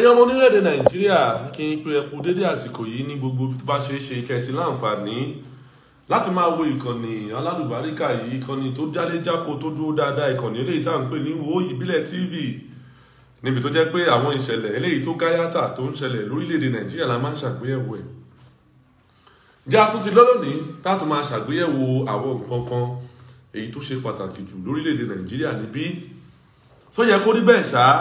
ẹ̀yin ọmọ onílẹ̀-èdè nàìjíríà kí n pe ẹkú dédé àsìkò yìí ní gbogbo tó bá ṣe é ṣe kẹtì láǹfààní láti máa wo ìkànnì alálùbáríkà yìí ìkànnì tó jálé jáko tó dúró dáadáa ìkànnì eléyìí tá à ń pè ní wo ìbílẹ̀ tv níbi tó jẹ́ pé àwọn ìṣẹ̀lẹ̀ eléyìí tó gáyàtà tó ń ṣẹlẹ̀ lórílẹ̀‐èdè nàìjíríà la máa ń ṣàgbéyẹ̀wò ẹ̀ jẹ́ àtúntì lọ́lọ́ní táàtún máa ṣàgbéyẹ̀wò àwọn nǹkan kan èyí tó ṣe pàtàkì jù lórílẹ̀‐èdè nàìjíríà níbí tó yẹ kó rí bẹ́ẹ̀ ṣáá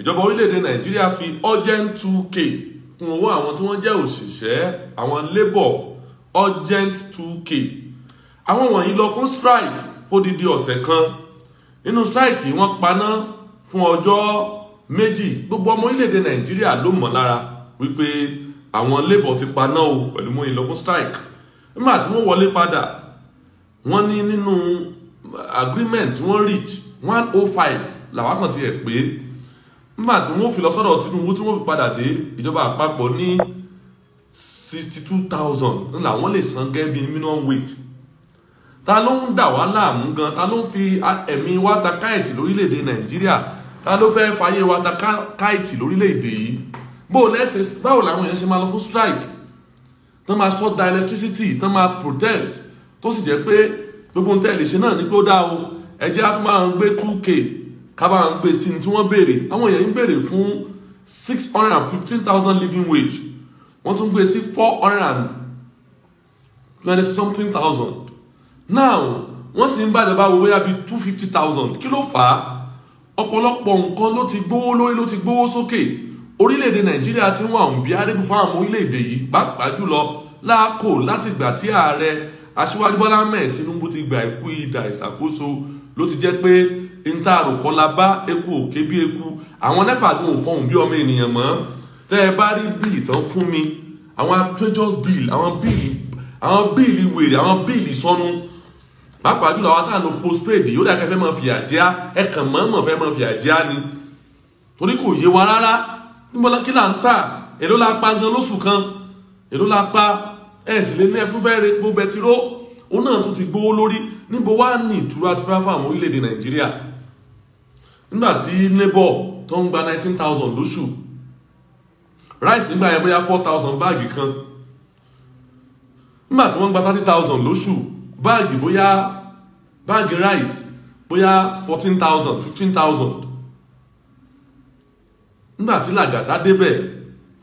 ìjọba orílẹ̀-èdè nàìjíríà fi urgent 2 k kún owó àwọn tí wọ́n jẹ́ òṣìṣẹ́ àwọn labour urgent 2 k àwọn wọ̀nyí lọ fún strike fódìdí ọ̀sẹ̀ kan nínú strike yìí wọ́n paná fún ọjọ́ méjì gbogbo ọmọ orílẹ̀-èdè nàìjíríà ló mọ̀ lára wípé àwọn labour ti paná o pẹ̀lú mọ́ ìlọ́kún strike nígbà tí wọ́n wọlé padà wọ́n ní nínú agreement wọ́n reach one oh five làwọn kan ti ẹ̀ pé nígbà tí wọ́n fi lọ sọ́dọ̀ Tinubu tí wọ́n fi padà dé ìjọba àpapọ̀ ní sixty two thousand ńlá wọ́n lè san gẹ́gẹ́ bí minimum wage ta ló ń dà wá láàmú gan ta ló ń fi ẹ̀mí wa ta káyìtì lórílẹ̀‐èdè Nàìjíríà ta ló fẹ́ fàyè wa ta káyìtì lórílẹ̀‐èdè yìí bó lẹ́sẹ̀ báwo làwọn èèyàn ṣe máa lọ fún strike tán máa short down electricity tán máa protest tó sì jẹ́ pé gbogbo ohun tẹ́ lè ṣe náà ní pé dá o ẹ̀jẹ̀ á tún máa gbé two k kábà ń gbé sí tí wọ́n béèrè àwọn èèyàn ń béèrè fún six hundred and fifteen thousand living wage wọ́n tún gbé sí four hundred and twenty something thousand now wọ́n sì ń bàjẹ́ báwo bóyá bíi two fifty thousand kí ló fà á ọ̀pọ̀lọpọ̀ nǹkan ló ti gbówó lórí ló ti gbówó sókè orílẹ̀-èdè nàìjíríà ti ń wà ń bí arébù fáwọn orílẹ̀-èdè yìí pàápàá jùlọ láàkó láti ìgbà tí ààrẹ aṣíwájú bọ́lá mẹ́ẹ̀ tinubu ti gba ìkú ìdà ìṣàkóso ló ti jẹ́ pé níta àròkọ́lá bá eku òkè bí eku àwọn nepa gan ò fọhùn bí ọmọ ènìyàn mọ́ tẹ́ ẹ bá rí bíìlì tán fún mi àwọn treasures bill àwọn bíìlì àwọn bíìlì wèrè àwọn bíìlì sọnù pàápàá jùlọ àwọn táwọn postpaid yóò dà kẹfẹ́ máa fìyà jẹ́ ẹ kàn mọ́ mọ́ fẹ́ máa fìyà jẹ́ ni torí kò yé wa rárá níbọ̀lá kí là ń tà èló la pa gan lóṣù kan èló la pa ẹ̀ sì lè ní ẹ fún fẹ́ re gbó bẹtiró òun náà tún ti gbówó lórí níbo wá ní ìtura ti fẹ́ fáwọn orílẹ̀-èdè nàìjíríà nígbà tí labour tó ń gba nineteen thousand lóṣù rice nígbà yẹn bóyá four thousand báàgì kan nígbà tí wọ́n gba thirty thousand lóṣù báàgì bóyá báàgì rice bóyá fourteen thousand fifteen thousand nígbà tí làgàtà débẹ̀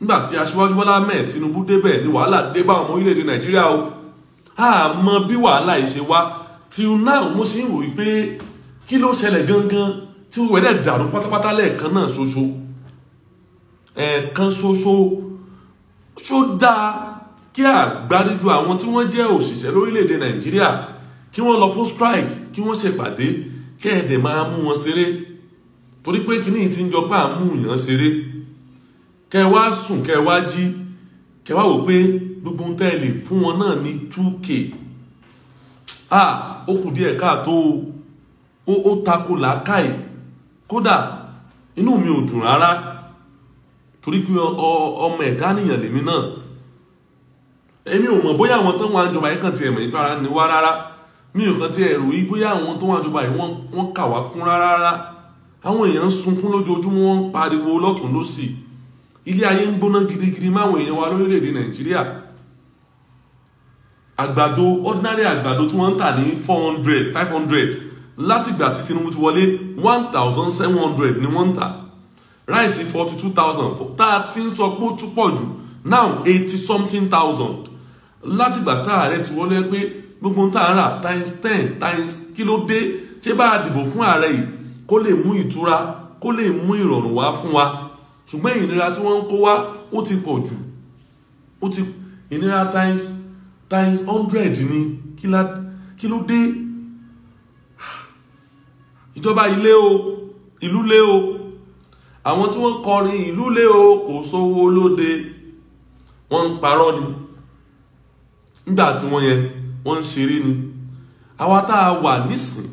nígbà tí aṣíwájú bọ́lá ahmed tinubu débẹ̀ ni wàhálà dé bá ọmọ orílẹ̀-èdè nàìjíríà o àmọ́ bí wàhálà yìí ṣe wá till now mo ṣe ń wòye pé kí ló ṣẹlẹ̀ gangan tí wọ́n dẹ̀ dàrú pátápátá lẹ́ẹ̀kan náà ṣoṣo ẹ̀ẹ̀kan ṣoṣo ṣó dáa kí àgbáríjọ àwọn tí wọ́n jẹ́ òṣìṣẹ́ lórílẹ̀‐èdè nàìjíríà kí wọ́n lọ fún strike kí wọ́n ṣèpàdé kẹ́ẹ̀dẹ̀ máa mú wọn ṣeré torí pé kíní ti ń jọpá mú yàn ṣeré kẹ wá sùn kẹ wá jí kẹ wá wò pé gbogbo ń tẹ́ lè fún wọn náà ní 2k ah ó kù díẹ̀ káàtó ó ó takò làákàyè kódà inú mi ò dùn rárá torí pé ọmọ ẹ̀dá nìyàn lèmi náà èmi ò mọ̀ bóyá àwọn tó wà níjọba yìí kàn ti ẹ̀mọ̀ ìpara ni wá rárá mi ò kàn ti ẹ̀rù yìí bóyá àwọn tó wà jọba yìí wọ́n kà wá kún rárá rárá àwọn èèyàn ń sunkún lójoojúmọ́ wọ́n ń pariwo lọ́tún lọ́sì ilé ayé ń gbóná gidigidi máwọn èèyàn wa lórílẹ̀‐èdè nàìjíríà àgbàdo ordinary àgbàdo tí wọ́n ń tà ní four hundred five hundred látìgbà tí Tinubu ti wọlé one thousand seven hundred ni wọ́n ń tà ráìsì forty two thousand tá a ti ń sọ pé ó tún pọ̀ jù now eighty something thousand látìgbà tá ààrẹ ti wọlé pé gbogbo tá a rà times ten times kilo ló dé ṣé bá a dìbò fún ààrẹ yìí kó lè mú ìtura kó lè mú ìrọ̀rùn wá fún wa ṣùgbọ́n ìnira tí wọ́n ń kó wá ó ti pọ̀ jù ó ti ìnira times times hundred ni kí ló dé ìjọba ilé o ìlú lé o àwọn tí wọ́n ń kọrin ìlú lé o kò sówó lóde wọ́n ń parọ́ ni nígbà tí wọ́n yẹn wọ́n ń ṣeré ni àwa tá a wà nísìn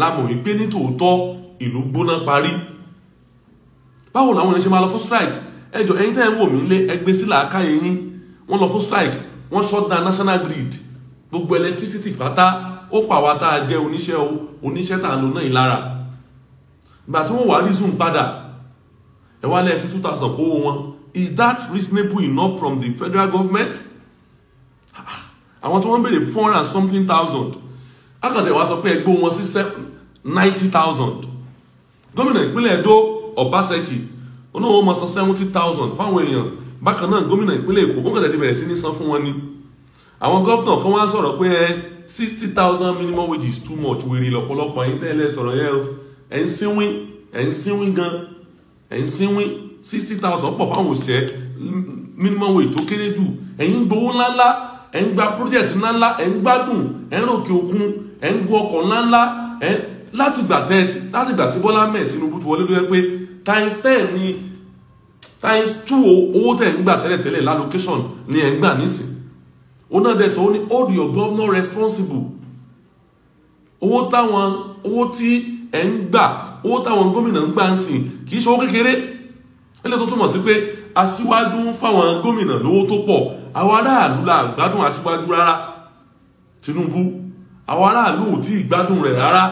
la mọ̀ wípé nítòótọ́ ìlú gbóná parí báwo làwọn èèyàn ṣe máa lọ fún strike ẹjọ ẹ̀yin tẹ́ ẹ ń wò mí lé ẹgbẹ́ sí làákàyè yín wọ́n lọ fún strike wọ́n shut down national grid gbogbo electricity pátá ó pa tá a jẹ́ oníṣẹ́ oníṣẹ́ tá a lò náà ìlara ìgbà tí wọ́n wá reason padà ẹ wá lẹ́ẹ̀kí two thousand kó wọn is that reasonable enough from the federal government ah, àwọn tí wọ́n béèrè four hundred and something thousand akàtẹ̀ wá sọ pé ẹgbẹ́ wọn sí ninety thousand gómìnà ìpínlẹ̀ Èdó Obaseki oníwọ̀n máa san seventy thousand fáwọn èèyàn bákan náà gómìnà ìpínlẹ̀ Èkó ó kàtẹ̀ ti bẹ̀rẹ̀ sí ní san fún wọn ni àwọn gómìnà kan wá sọ̀rọ̀ pé ẹ sixty thousand minimum wage is too much wèrè lọ́pọ̀lọpọ̀ yín tẹ́lẹ̀ sọ̀rọ̀ yẹn o ẹ̀ ń sínwín ẹ̀ ń sínwín gan ẹ̀ ń sínwín sixty thousand pọ̀ fáwọn òṣìṣẹ́ minimum wage tó kéré jù ẹ̀yin gbowó ńláńlá ẹ̀ ń gba project ńláńlá ẹ̀ ń gbádùn ẹ̀ ń ròkè òkun ẹ̀ ń gun ọkọ̀ ńláńlá ẹ̀ láti gbà tẹ́ẹ̀tì láti gbà tí Bọ́lá mẹ́ẹ̀ Tinubu ti wọlé ló yẹ pé times ten ni times two owó tẹ̀ ń gbà tẹ́lẹ̀tẹ́lẹ̀ lálòkéṣọ̀n ni ẹ̀ ń gbà nísìn òun náà dẹ̀ sọ ó ní hold your governor responsible owó táwọn owó tí ẹ̀ ń gbà owó táwọn gómìnà ń gbà ń sìn kì í ṣe owó kékeré ilé tó túmọ̀ sí pé aṣíwájú ń fáwọn gómìnà lówó tó pọ̀ àwọn aráàlú la gbádùn aṣíwájú rárá Tinubu àwọn aráàlú ò tí ì gbádùn rẹ̀ rárá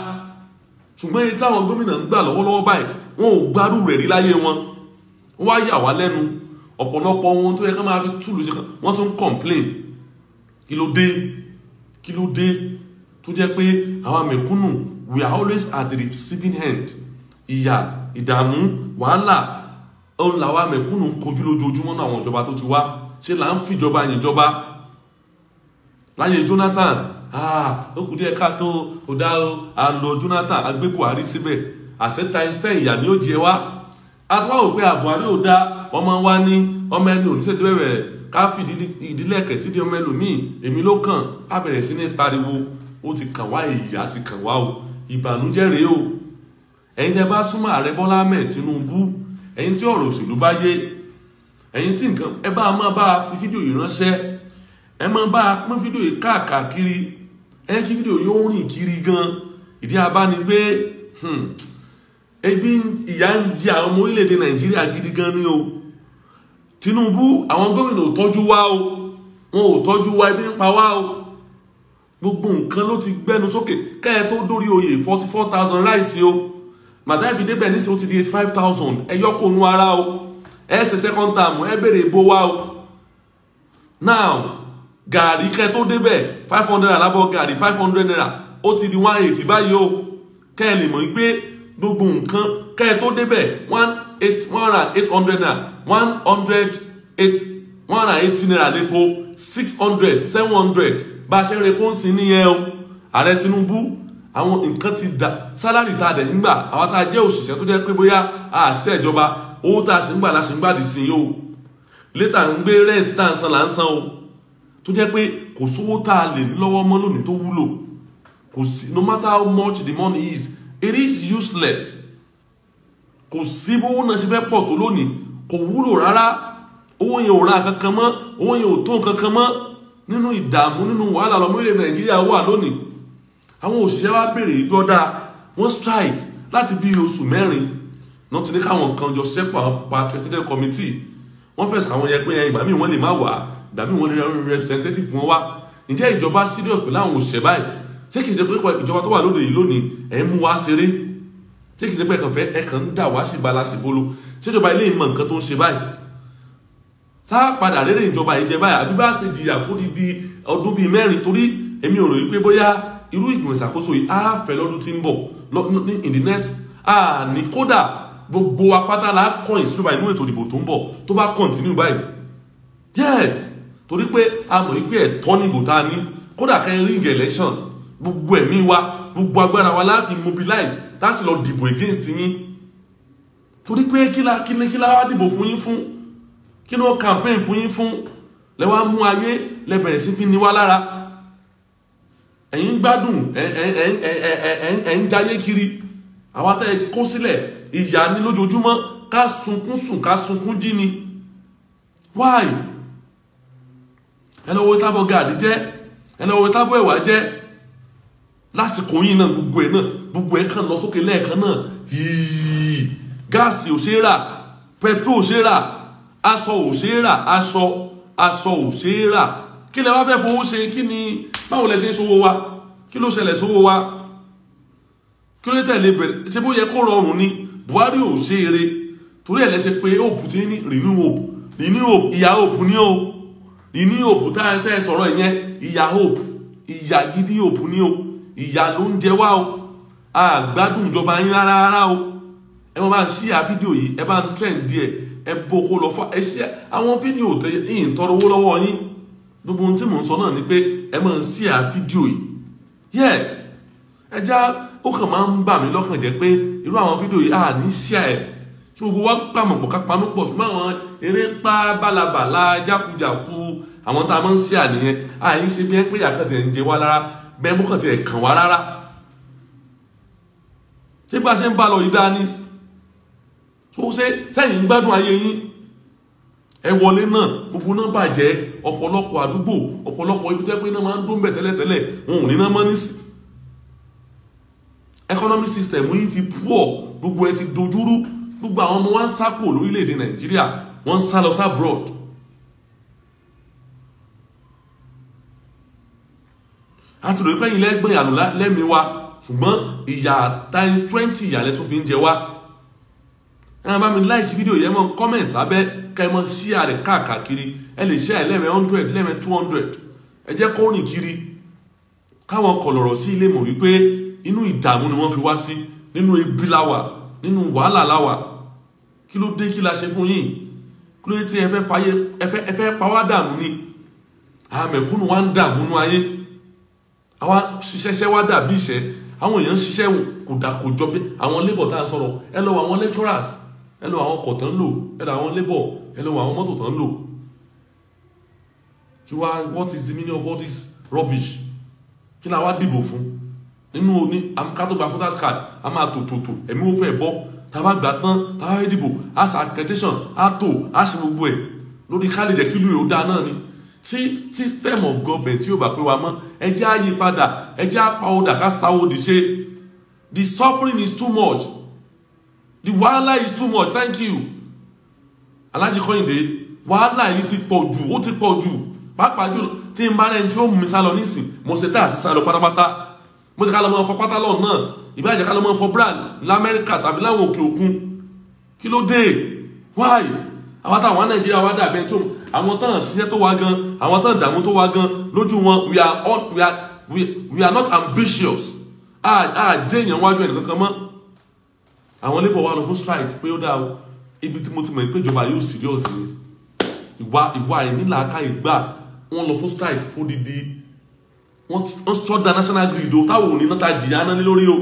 ṣùgbọ́n èyí táwọn gómìnà ń gbà lọ́wọ́lọ́wọ́ báyìí wọn ò gbádùn rẹ̀ rí láyé wọn wọ́n á yà wá lẹ́nu ọ̀pọ̀lọpọ̀ ohun tó yẹ ká máa fi túlù ṣe kan wọ́n tún complain kí ló dé kí ló dé tó jẹ́ pé àwọn mẹ̀kúnnù we are always at the receiving end ìyà ìdààmú wàhálà òun làwọn mẹ̀kúnnù ń kojú lójoojúmọ́ náà àwọn ìjọba tó ti wá ṣé là ń fìjọba yìn jọba láyé Jonathan ah, ó kù díẹ̀ káàtó kò dá o àlọ́ Jonathan agbé Buhari síbẹ̀ àṣẹ times ten ìyà ni ó jẹ wá àti wá wò pé àbúhárì ò dá ọmọ wa ní ọmọ ẹni oníṣẹ́ ti bẹ̀rẹ̀ rẹ̀ ká fi ìdílé ẹ̀kẹ́ sí di ọmọ ẹlòmíì èmi ló kàn á bẹ̀rẹ̀ sí ní pariwo ó ti kàn wá ìyá ti kàn wá o ìbànújẹ́ rèé o ẹ̀yin tẹ́ bá súnmọ́ ààrẹ Bọ́lá Ahmed Tinubu ẹ̀yin tí ọ̀rọ̀ òṣèlú bá yé ẹ̀yin tí nǹkan ẹ bá máa bá fi fídíò yìí ránṣẹ́ ẹ máa bá pín fídíò yìí káàkiri ẹ kí fídíò yìí ó rìn kiri gan ìdí abá ebi ìyà ń jẹ àwọn ọmọ orílẹ̀-èdè nàìjíríà gidi gan ni o tinubu àwọn gómìnà ò tọ́jú wa o wọn ò tọ́jú wa ebi ń pa wá o gbogbo nǹkan ló ti gbẹnu sókè kẹ́ẹ̀ tó dórí oyè forty four thousand ráìsì o màdá ibi débẹ̀ nísìnyí ó ti di eighty five thousand ẹ yọkùnú ara o ẹ ṣe second term ẹ béèrè ìbò wa o now gàrí kẹ́ẹ̀ tó débẹ̀ five hundred naira lábọ̀ gàrí five hundred naira ó ti di one eighty báyìí o kẹ́ẹ̀ lè mọ̀ pé gbogbo nǹkan kẹ́ẹ̀ tó débẹ̀ one eight one hundred eight hundred naira one hundred eight one hundred eighty naira lépo six hundred seven hundred bá a ṣe ń repo ń sin nìyẹn o ààrẹ Tinubu àwọn nǹkan ti dà sálárì tá a dẹ̀ nígbà àwọn tá a jẹ́ òṣìṣẹ́ tó jẹ́ pé bóyá a ṣe ìjọba owó tá a ṣe ń gbà láṣẹ ń gbàdì sí o létà ń gbé rẹ́ǹtì tá à ń san là ń san o tó jẹ́ pé kò sówó tá a lè ní lọ́wọ́ mọ́ lónìí tó wúlò kò sí no matter how much the money is it is useless kò sí bó wọn náà ṣe fẹ́ pọ̀ tó lónìí kò wúlò rárá owó yẹn ò ra kankan mọ́ owó yẹn ò tó kankan mọ́ nínú ìdààmú nínú wàhálà ọmọ ilẹ̀ nàìjíríà wà lónìí àwọn òṣìṣẹ́ wa béèrè ìjọ wọ́n strike láti bí oṣù mẹ́rin náà ti ní káwọn kan jọ ṣẹ́pọ̀ àwọn pa committee wọ́n fẹ̀sùn àwọn yẹn pé ìgbà míì wọ́n lè má wà ìgbà míì wọ́n lè rẹ representative wọn wá ǹjẹ́ ìjọba sílẹ̀ pẹ̀lú àwọn òṣìṣẹ́ báyìí ṣé kìí ṣe pé ìjọba tó wà lóde yìí lónìí ẹ̀ ń mú wa ṣeré ṣé kìí ṣe pé ẹ̀kànfẹ́ ẹ̀kàn ń dà wá síbala síbolo ṣéjọba ilé ìmọ̀ nǹkan tó ń ṣe báyìí sá padà rere ìjọba yìí jẹ báyìí àbí bá ṣe jìyà fún dídí ọdún bíi mẹ́rin torí èmi ò ròyìn pé bóyá irú ìgbìmọ̀ ìṣàkóso yìí á fẹ́ lọ́dún tí ń bọ̀ in the next àní kódà gbogbo apáta la kọyìn sínú báyìí nínú ètò ìdìbò tó ń bọ̀ tó bá continue báyìí yes torí pé a mọ̀ wípé ẹ̀tọ́ nìbò tá a kódà kẹrin ring election gbogbo ẹ̀mí wa gbogbo agbára wa láti mobilize láti lọ dìbò against yín torí pé kílá kílá kílá wá dìbò fún yín fún kí ló campaign fún yín fún lẹ wá mú ayé lẹ bẹ̀rẹ̀ sí fi ni wá lára ẹ̀yin gbádùn ẹ̀ ń jayé kiri àwa tẹ́ ẹ kó sílẹ̀ ìyà ni lójoojúmọ́ ká sunkún sùn ká sunkún jí ni why ẹ lọ wo tábọ̀ gàdí jẹ́ ẹ lọ wo tábọ̀ ẹ̀wà jẹ́ lásìkò yìí náà gbogbo ẹ̀ náà gbogbo ẹ̀ kàn lọ sókè lẹ́ẹ̀kan náà yìí gáàsì ò ṣeé rà pẹtrol ò ṣeé rà aṣọ ò ṣeé rà aṣọ aṣọ ò ṣeé rà kí lẹ wá fẹ́ fowó ṣe kí ni báwo lẹ ṣe ń ṣòwò wa kí ló ṣẹlẹ̀ sówó wa kí ló tẹ̀lé bẹ̀rẹ̀ ṣe bó yẹ kó rọrùn ni Buhari ò ṣe eré torí ẹ̀ lẹ ṣe pé hope ti ní renew hope renew hope ìyá hope ní o renew hope tá ẹ sọ̀rọ̀ ìyẹn ìyà ló ń jẹ wá o a gbádùn ìjọba yín rárá rárá o ẹ máa máa ṣí à fídíò yìí ẹ bá ń trend díẹ̀ ẹ boko lọ fún ẹ ṣí àwọn fídíò tẹ yìí tọrọ owó lọ́wọ́ yín gbogbo ohun tí mò ń sọ náà ni pé ẹ máa ń ṣí à fídíò yìí yes ẹ já ó kàn máa ń bà mí lọ́kàn jẹ́ pé irú àwọn fídíò yìí à ní ṣí à ẹ̀ tí gbogbo wa pàmọ̀pọ̀ ká panú pọ̀ ṣùgbọ́n àwọn eré pa bálabàla jákujàku àwọn tá a máa ń ṣí à nìyẹn à yín bẹ́ẹ̀ mú kàn tiẹ̀ kàn wá rárá ṣé bá ṣe ń bá lọ yìí dání tó ṣe sẹ́yìn ń gbádùn ayé yín ẹ wọlé náà gbogbo náà bàjẹ́ ọ̀pọ̀lọpọ̀ àdúgbò ọ̀pọ̀lọpọ̀ ibi tẹ́ pé iná máa ń dún bẹ̀ tẹ́lẹ̀tẹ́lẹ̀ wọn ò ní náà mọ́ nísì economic system yìí ti poor gbogbo ẹ ti dojúrú gbogbo àwọn ọmọ wa ń sá kúrò lórílẹ̀‐èdè Nàìjíríà wọ́n ń sá lọ sá abroad àti rò pé ẹ̀yin lẹ́gbẹ̀ẹ́ àlò lẹ́mìí wa ṣùgbọ́n ìyà times twenty ìyàlẹ́ tó fi ń jẹ wá ẹ bá mi like fídíò yẹn mọ comment abẹ́ ká ẹ mọ share rẹ̀ káàkiri ẹ lè share lẹ́mẹ̀ hundred lẹ́mẹ̀ two hundred ẹ jẹ́ kó rìn kiri káwọn kọlọ̀rọ̀ sí ilé mọ̀ wípé inú ìdààmú ni wọ́n fi wá sí nínú ebi láwà nínú wàhálà láwà kí ló dé kí la ṣe fún yín kí ló dé tí ẹ fẹ́ pa wá dààmú ni àmẹ̀kúnnù wa ń dààmú nú ayé àwa ṣiṣẹ́ṣẹ́ wá dàbí iṣẹ́ àwọn èèyàn ṣiṣẹ́ kò dà kò jọ bí àwọn labour tá a sọ̀rọ̀ ẹ lọ àwọn lecturers ẹ lọ àwọn ọkọ̀ tán lò ẹ lọ àwọn labour ẹ lọ àwọn mọ́tò tán lò kí wá what is the meaning of all this rubbish kí ni àwa dìbò fún nínú ní amúkátó gba voters card a máa tò tò tò ẹ̀mí wo fẹ́ bọ́ tàbá gbà tán tàbá fẹ́ dìbò a sa accreditation a tò a sì gbogbo ẹ̀ lórí ká lè jẹ́ kí ìlú yóò dáa náà ni tí system of government yóò bá pé wa mọ́ ẹ jẹ́ á yí padà ẹ jẹ́ á ọ̀dà ká sáwó di ṣe the suffering is too much the wahala is too much thank you Alhaji Kọ́yìndé wàhálà yìí ti pọ̀ jù ó ti pọ̀ jù pàápàá jù tí n bá rẹ̀ tí ó mú mi sá lọ nísìn mo ṣe tá àti sá lọ pátápátá mo ti ká lọ mọ fọ pátá náà ìbájẹ́ ká lọ mọ fọ brand lamẹ́ríkà tàbí láwọn òkè òkun kí ló dé why àwọn àtàwọn Nàìjíríà wá dàbẹ́ tó àwọn tán ṣiṣẹ́ tó wá gan àwọn tán dààmú tó wá gan lójú wọn we are all we are we, we are not ambitious a a jẹ́ èèyàn wájú ẹnì kankan mọ́ àwọn labour wa lọ fún strike pé ó dáa ibi tí mo ti mọ̀ pé ìjọba yóò serious ni ìwà ìwà ìnílàáká ìgbà wọn lọ fún strike fódìdí wọn sọdá national grid o táwọn òní náà ta jìyà náà ní lórí o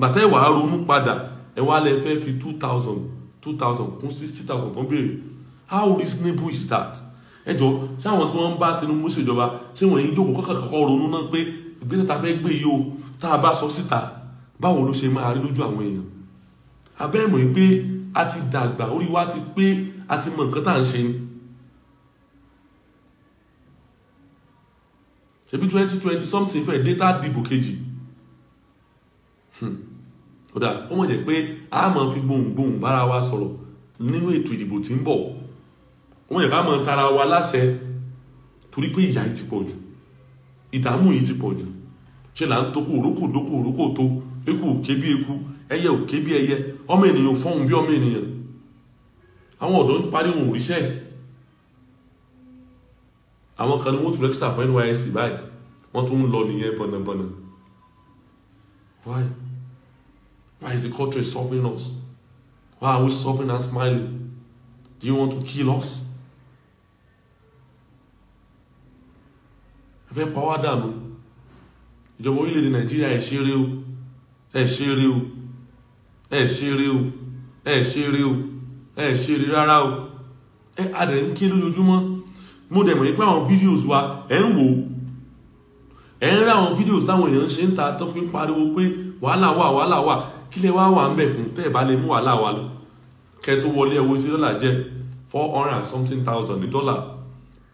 bàtà ẹ wàá ronú padà ẹ wá lẹ fẹ́ fi two thousand two thousand kún sixty thousand tó ń béèrè how reasonable is that ẹ jọ ṣé àwọn tí wọ́n ń bá Tinubu ṣèjọba ṣé wọ́n yìí jókòó kọ́kọ́kọ́ ronú náà pé ìgbésẹ̀ tá a fẹ́ gbé yìí o tá a bá sọ síta báwo ló ṣe máa rí lójú àwọn èèyàn abẹ́ mọ̀ pé a ti dàgbà orí wa ti pé a ti mọ nǹkan tá à ń ṣe ni ṣebí twenty twenty something fẹ́ data dìbò kejì kódà hmm. kó mọ̀ jẹ́ pé a máa fi gbohùngbohùn bára wa sọ̀rọ̀ nínú ètò ìdìbò tí ń bọ̀ wọn yẹ ká mọ tara wa láṣẹ torí pé ìyà yìí ti pọ̀ jù ìdààmú yìí ti pọ̀ jù ṣe là ń tokò òrókò dókò òrókò tó eku òkè bí eku ẹyẹ òkè bí ẹyẹ ọmọ ènìyàn fọhùn bí ọmọ ènìyàn àwọn ọ̀dọ́ ń pariwo òrìṣẹ́ àwọn kan ní wọ́n tún rẹ́gísítà fún NYSC báyìí wọ́n tún ń lọ nìyẹn bọ̀nàbọ̀nà why why is the culture suffering us why are we suffering and smiling do you want to kill us. fẹ́ pa wá dànù ìjọba orílẹ̀-èdè nàìjíríà ẹ̀ ṣeré o ẹ̀ ṣeré o ẹ̀ ṣeré o ẹ̀ ṣeré o ẹ̀ ṣeré rárá o ẹ̀ adẹ̀ ń ké lójoojúmọ́ mo dẹ̀ mọ̀ yí pé àwọn fídíòs wa ẹ̀ ń wò ó ẹ̀ ń rí àwọn fídíòs táwọn èèyàn ṣe ń ta tó fi ń pariwo pé wàhálà wà wàhálà wà kí lè wá wà ń bẹ̀ fún tẹ́ ẹ̀ bá lè mú wàhálà wa lọ kẹ́ tó wọlé ẹ̀wọ́ sí dọ́là jẹ́ four hundred and something thousand dollar. dọ́là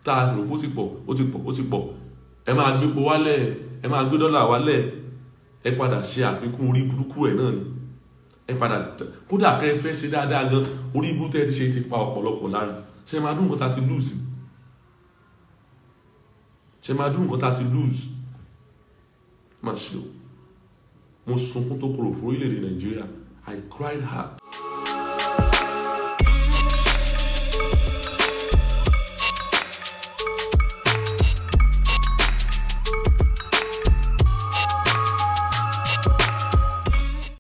tá a rò ó ti pọ̀ ó ti pọ̀ ó ti pọ̀ ẹ máa gbépo wálẹ̀ ẹ máa gbé dọ́là wálẹ̀ ẹ padà ṣe àfikún orí burúkú ẹ̀ náà ni ẹ padà kódà kẹ́ ẹ fẹ́ ṣe dáadáa gan orí burú tẹ́ ẹ ti ṣe ti pa ọ̀pọ̀lọpọ̀ lára ṣe máa dùn nǹkan tá ti lose ṣe máa dùn nǹkan tá ti lose má ṣe o mo sunkún tó korò fún orílẹ̀-èdè nàìjíríà I cried hard.